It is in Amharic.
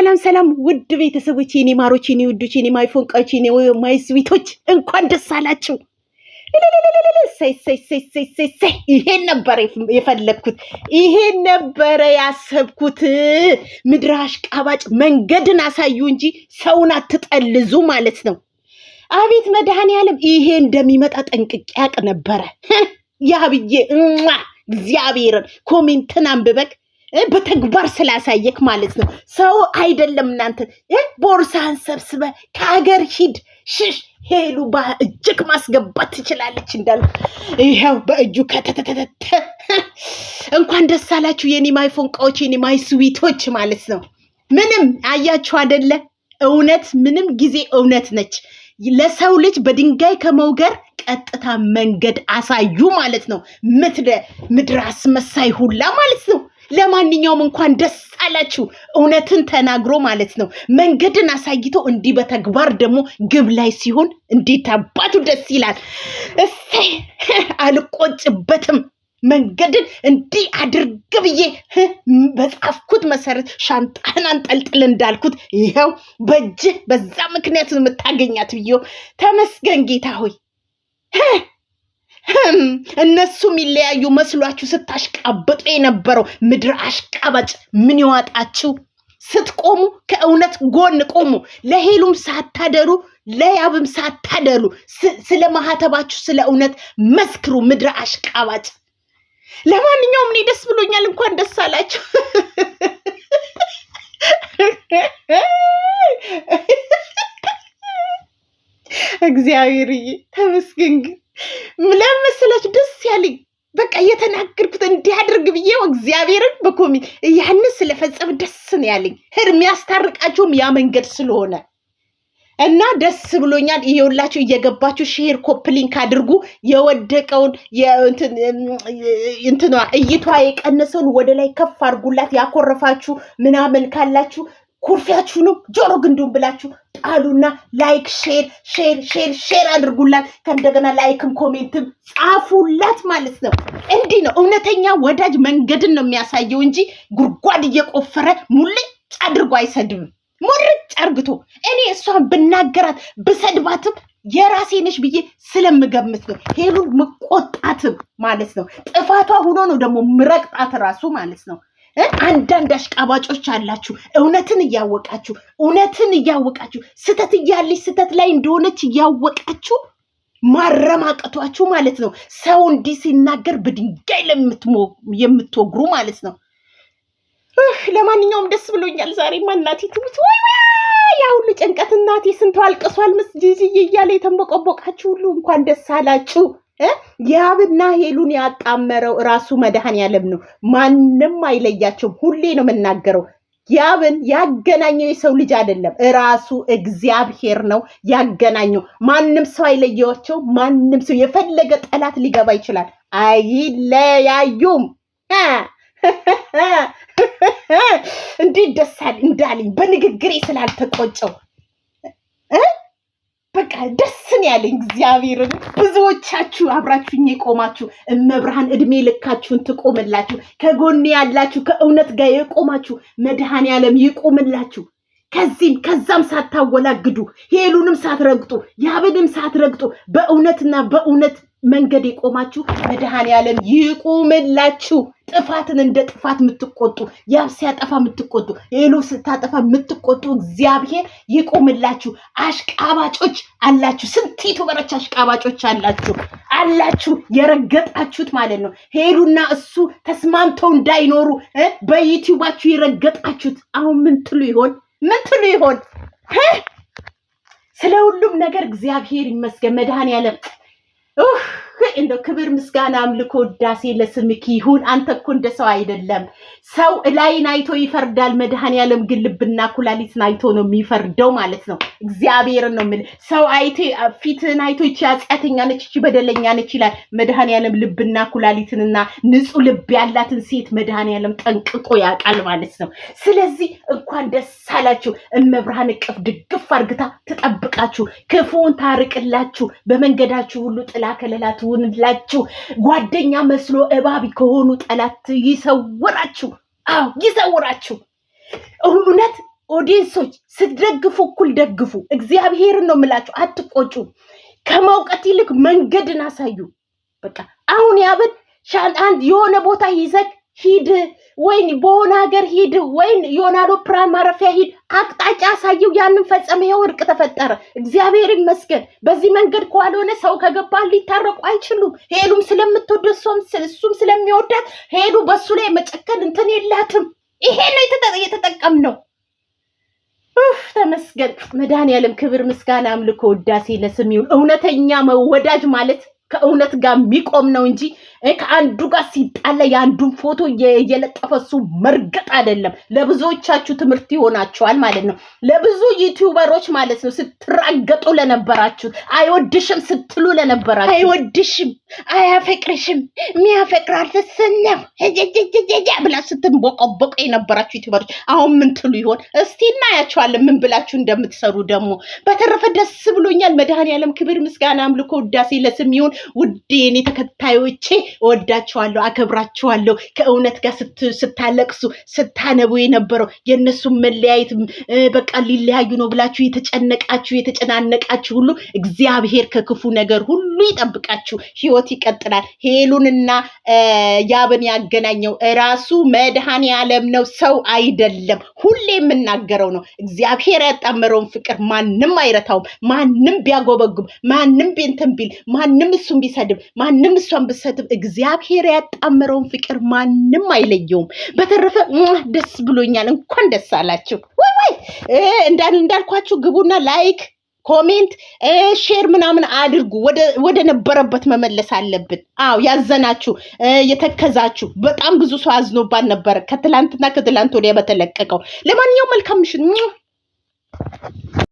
ሰላም ሰላም ውድ ቤተሰቦች፣ የኔ ማሮች፣ የኔ ውዶች፣ የኔ ማይ ፎንቃዎች፣ የኔ ማይ ስዊቶች እንኳን ደስ አላችሁ። ይሄን ነበረ የፈለግኩት፣ ይሄን ነበረ ያሰብኩት። ምድር አሽቃባጭ መንገድን አሳዩ እንጂ ሰውን አትጠልዙ ማለት ነው። አቤት መድኃኔዓለም፣ ይሄ እንደሚመጣ ጠንቅቄ ያቅ ነበረ። ያ ብዬ እግዚአብሔርን ኮሜንትን አንብበክ በተግባር ስላሳየክ ማለት ነው። ሰው አይደለም እናንተ ቦርሳን ሰብስበ ከሀገር ሂድ፣ ሽሽ። ሄሉ እጅግ ማስገባት ትችላለች እንዳሉ ይኸው በእጁ ከተተተተተ እንኳን ደስ አላችሁ የኔ ፎንቃዎች፣ የኔ ማይ ስዊቶች ማለት ነው። ምንም አያችሁ አደለ? እውነት ምንም ጊዜ እውነት ነች። ለሰው ልጅ በድንጋይ ከመውገር ቀጥታ መንገድ አሳዩ ማለት ነው። ምድረ አስመሳይ ሁላ ማለት ነው። ለማንኛውም እንኳን ደስ አላችሁ። እውነትን ተናግሮ ማለት ነው መንገድን አሳይቶ እንዲህ በተግባር ደግሞ ግብ ላይ ሲሆን እንዴት አባቱ ደስ ይላል። እሰይ አልቆጭበትም። መንገድን እንዲህ አድርግ ብዬ በጻፍኩት መሰረት ሻንጣህን አንጠልጥል እንዳልኩት ይኸው በእጅህ በዛ ምክንያት የምታገኛት ብዬ ተመስገን ጌታ ሆይ እነሱ የሚለያዩ መስሏችሁ ስታሽቃብጡ የነበረው ምድር አሽቃባጭ ምን ይዋጣችሁ? ስትቆሙ ከእውነት ጎን ቆሙ። ለሄሉም ሳታደሩ ለያብም ሳታደሉ ስለ ማህተባችሁ ስለ እውነት መስክሩ። ምድረ አሽቃባጭ። ለማንኛውም እኔ ደስ ብሎኛል። እንኳን ደስ አላችሁ። እግዚአብሔርዬ ተመስገን ግን ለምስለች ደስ ያለኝ በቃ እየተናገርኩት እንዲያደርግ ብዬው እግዚአብሔርን በኮሚ ያንን ስለፈጸም ደስ ነው ያለኝ። ህር የሚያስታርቃቸውም ያ መንገድ ስለሆነ እና ደስ ብሎኛል። እየወላችሁ እየገባችሁ ሼር ኮፕሊንክ አድርጉ። የወደቀውን እንትኗ እይቷ የቀነሰውን ወደ ላይ ከፍ አድርጉላት። ያኮረፋችሁ ምናምን ካላችሁ ኩርፊያችሁንም ጆሮ ግንዱን ብላችሁ ጣሉና ላይክ ሼር ሼር ሼር ሼር አድርጉላት። ከእንደገና ላይክም ኮሜንትም ጻፉላት ማለት ነው። እንዲህ ነው እውነተኛ ወዳጅ መንገድን ነው የሚያሳየው እንጂ ጉድጓድ እየቆፈረ ሙልጭ አድርጎ አይሰድብም። ሙርጭ አርግቶ እኔ እሷን ብናገራት ብሰድባትም የራሴ ነሽ ብዬ ስለምገምት ነው ሄሉን ምቆጣትም ማለት ነው። ጥፋቷ ሆኖ ነው ደግሞ ምረቅጣት ራሱ ማለት ነው። አንዳንድ አሽቃባጮች አላችሁ። እውነትን እያወቃችሁ እውነትን እያወቃችሁ ስተት እያለች ስተት ላይ እንደሆነች እያወቃችሁ ማረማቀቷችሁ ማለት ነው። ሰው እንዲህ ሲናገር በድንጋይ የምትወግሩ ማለት ነው። ለማንኛውም ደስ ብሎኛል። ዛሬ እናቴ ትሙት ወይ ያ ሁሉ ጭንቀት እናቴ ስንቱ አልቅሷል። ምስ ጂጂዬ እያለ የተንበቆቦቃችሁ ሁሉ እንኳን ደስ አላችሁ። የአብና ሄሉን ያጣመረው ራሱ መድኃኔዓለም ነው። ማንም አይለያቸውም። ሁሌ ነው የምናገረው። ያብን ያገናኘው የሰው ልጅ አይደለም፣ እራሱ እግዚአብሔር ነው ያገናኘው። ማንም ሰው አይለያቸው። ማንም ሰው የፈለገ ጠላት ሊገባ ይችላል፣ አይለያዩም። እንዴት ደሳል እንዳለኝ በንግግሬ ስላልተቆጨው በቃ ደስን ያለኝ። እግዚአብሔርን ብዙዎቻችሁ አብራችሁኝ የቆማችሁ እመብርሃን እድሜ ልካችሁን ትቆምላችሁ። ከጎኔ ያላችሁ ከእውነት ጋር የቆማችሁ መድኃኔ ዓለም ይቆምላችሁ። ከዚህም ከዛም ሳታወላግዱ ሄሉንም ሳትረግጡ ያብንም ሳትረግጡ በእውነትና በእውነት መንገድ የቆማችሁ መድኃኔ ዓለም ይቁምላችሁ። ጥፋትን እንደ ጥፋት የምትቆጡ ያብ ሲያጠፋ የምትቆጡ ሌሎ ስታጠፋ የምትቆጡ እግዚአብሔር ይቁምላችሁ። አሽቃባጮች አላችሁ፣ ስንት ዩቱበሮች አሽቃባጮች አላችሁ አላችሁ የረገጣችሁት ማለት ነው። ሄሉና እሱ ተስማምተው እንዳይኖሩ በዩቲዩባችሁ የረገጣችሁት አሁን ምን ትሉ ይሆን? ምን ትሉ ይሆን? ስለ ሁሉም ነገር እግዚአብሔር ይመስገን መድኃኔ ዓለም Uf. እንደ ክብር ምስጋና፣ አምልኮ፣ ውዳሴ ለስምክ ይሁን። አንተ እኮ እንደ ሰው አይደለም። ሰው ላይን አይቶ ይፈርዳል። መድኃኔዓለም ግን ልብና ኩላሊትን አይቶ ነው የሚፈርደው ማለት ነው። እግዚአብሔርን ነው የምልህ። ሰው አይቶ ፊትን አይቶ ይቺ ኃጢአተኛ ነች፣ ይቺ በደለኛ ነች ይላል። መድኃኔዓለም ልብና ኩላሊትንና ንጹሕ ልብ ያላትን ሴት መድኃኔዓለም ጠንቅቆ ያውቃል ማለት ነው። ስለዚህ እንኳን ደስ አላችሁ። እመብርሃን እቅፍ ድግፍ አርግታ ትጠብቃችሁ፣ ክፉውን ታርቅላችሁ፣ በመንገዳችሁ ሁሉ ጥላ ከለላት ይሁንላችሁ። ጓደኛ መስሎ እባብ ከሆኑ ጠላት ይሰውራችሁ። አዎ ይሰውራችሁ። እውነት ኦዲንሶች ስትደግፉ እኩል ደግፉ። እግዚአብሔርን ነው የምላችሁ። አትቆጩ። ከማውቀት ይልቅ መንገድን አሳዩ። በቃ አሁን ያብን አንድ የሆነ ቦታ ይዘግ ሂድ ወይን በሆነ ሀገር ሂድ ወይን ዮናዶ ፕራን ማረፊያ ሂድ፣ አቅጣጫ አሳየው። ያንን ፈጸመ፣ ይኸው እርቅ ተፈጠረ። እግዚአብሔር ይመስገን። በዚህ መንገድ ካልሆነ ሰው ከገባ ሊታረቁ አይችሉም። ሄሉም ስለምትወደ እሱም ስለሚወዳት ሄዱ በሱ ላይ መጨከን እንትን የላትም። ይሄ ነው የተጠቀምነው። ተመስገን መድኃኒዓለም። ክብር ምስጋና፣ አምልኮ፣ ውዳሴ ለስም ይሁን። እውነተኛ መወዳጅ ማለት ከእውነት ጋር የሚቆም ነው እንጂ ከአንዱ ጋር ሲጣላ የአንዱን ፎቶ የለጠፈ እሱ መርገጥ አይደለም። ለብዙዎቻችሁ ትምህርት ይሆናችኋል ማለት ነው። ለብዙ ዩቲዩበሮች ማለት ነው። ስትራገጡ ለነበራችሁ፣ አይወድሽም ስትሉ ለነበራችሁ፣ አይወድሽም፣ አያፈቅርሽም፣ የሚያፈቅራል ስነፍ ብላ ስትንቦቆቦቆ የነበራችሁ ዩቲዩበሮች አሁን ምን ትሉ ይሆን? እስቲ እናያቸዋለን ምን ብላችሁ እንደምትሰሩ ደግሞ። በተረፈ ደስ ብሎኛል። መድኃኔዓለም ክብር ምስጋና አምልኮ ውዳሴ ለስም ይሁን። ውድ የኔ ተከታዮቼ እወዳችኋለሁ፣ አከብራችኋለሁ። ከእውነት ጋር ስታለቅሱ ስታነቡ የነበረው የእነሱን መለያየት በቃ ሊለያዩ ነው ብላችሁ የተጨነቃችሁ የተጨናነቃችሁ ሁሉ እግዚአብሔር ከክፉ ነገር ሁሉ ይጠብቃችሁ። ህይወት ይቀጥላል። ሄሉንና ያብን ያገናኘው ራሱ መድኃኔ ዓለም ነው፣ ሰው አይደለም። ሁሌ የምናገረው ነው። እግዚአብሔር ያጣመረውን ፍቅር ማንም አይረታውም። ማንም ቢያጎበጉም፣ ማንም ቤንትን ቢል፣ ማንም እሱ እሱን ቢሰድብ ማንም እሷን ብሰድብ እግዚአብሔር ያጣመረውን ፍቅር ማንም አይለየውም። በተረፈ ደስ ብሎኛል። እንኳን ደስ አላችሁ። ወይ ወይ እንዳልኳችሁ ግቡና ላይክ፣ ኮሜንት፣ ሼር ምናምን አድርጉ። ወደ ነበረበት መመለስ አለብን። አዎ ያዘናችሁ፣ የተከዛችሁ በጣም ብዙ ሰው አዝኖባን ነበረ ከትላንትና ከትላንት ወዲያ በተለቀቀው። ለማንኛውም መልካም ምሽት።